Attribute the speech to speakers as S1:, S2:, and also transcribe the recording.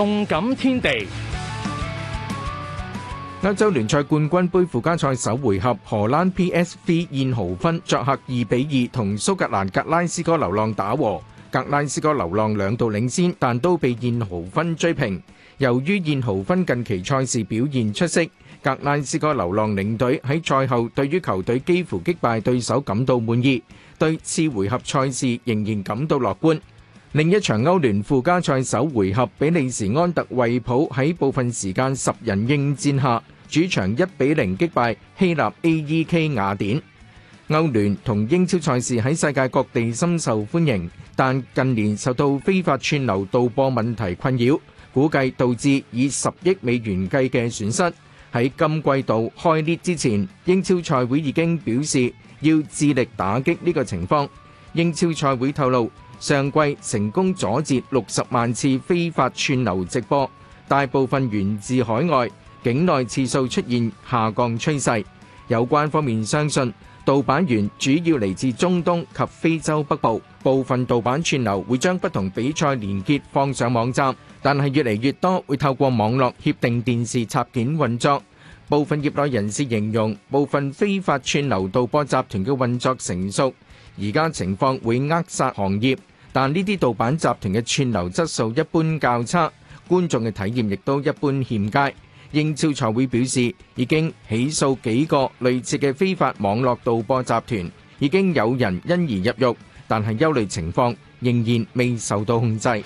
S1: 動感天地，
S2: 歐洲聯賽冠軍杯附加賽首回合，荷蘭 PSV 燕豪芬作客二比二同蘇格蘭格拉斯哥流浪打和。格拉斯哥流浪兩度領先，但都被燕豪芬追平。由於燕豪芬近期賽事表現出色，格拉斯哥流浪領隊喺賽後對於球隊幾乎擊敗對手感到滿意，對次回合賽事仍然感到樂觀。另一場歐聯附加賽首回合，比利時安特衛普喺部分時間十人應戰下，主場一比零擊敗希臘 A.E.K. 雅典。歐聯同英超賽事喺世界各地深受歡迎，但近年受到非法串流盜播問題困擾，估計導致以十億美元計嘅損失。喺今季度開啓之前，英超賽會已經表示要致力打擊呢個情況。英超賽會透露，上季成功阻截六十萬次非法串流直播，大部分源自海外，境內次數出現下降趨勢，有關方面相信盜版源主要嚟自中東及非洲北部，部分盜版串流會將不同比賽連結放上網站，但係越嚟越多會透過網絡協定電視插件運作。部分業內人士形容部分非法串流盜播集團嘅運作成熟，而家情況會扼殺行業。但呢啲盜版集團嘅串流質素一般較差，觀眾嘅體驗亦都一般欠佳。英超賽會表示已經起訴幾個類似嘅非法網絡盜播集團，已經有人因而入獄，但係憂慮情況仍然未受到控制。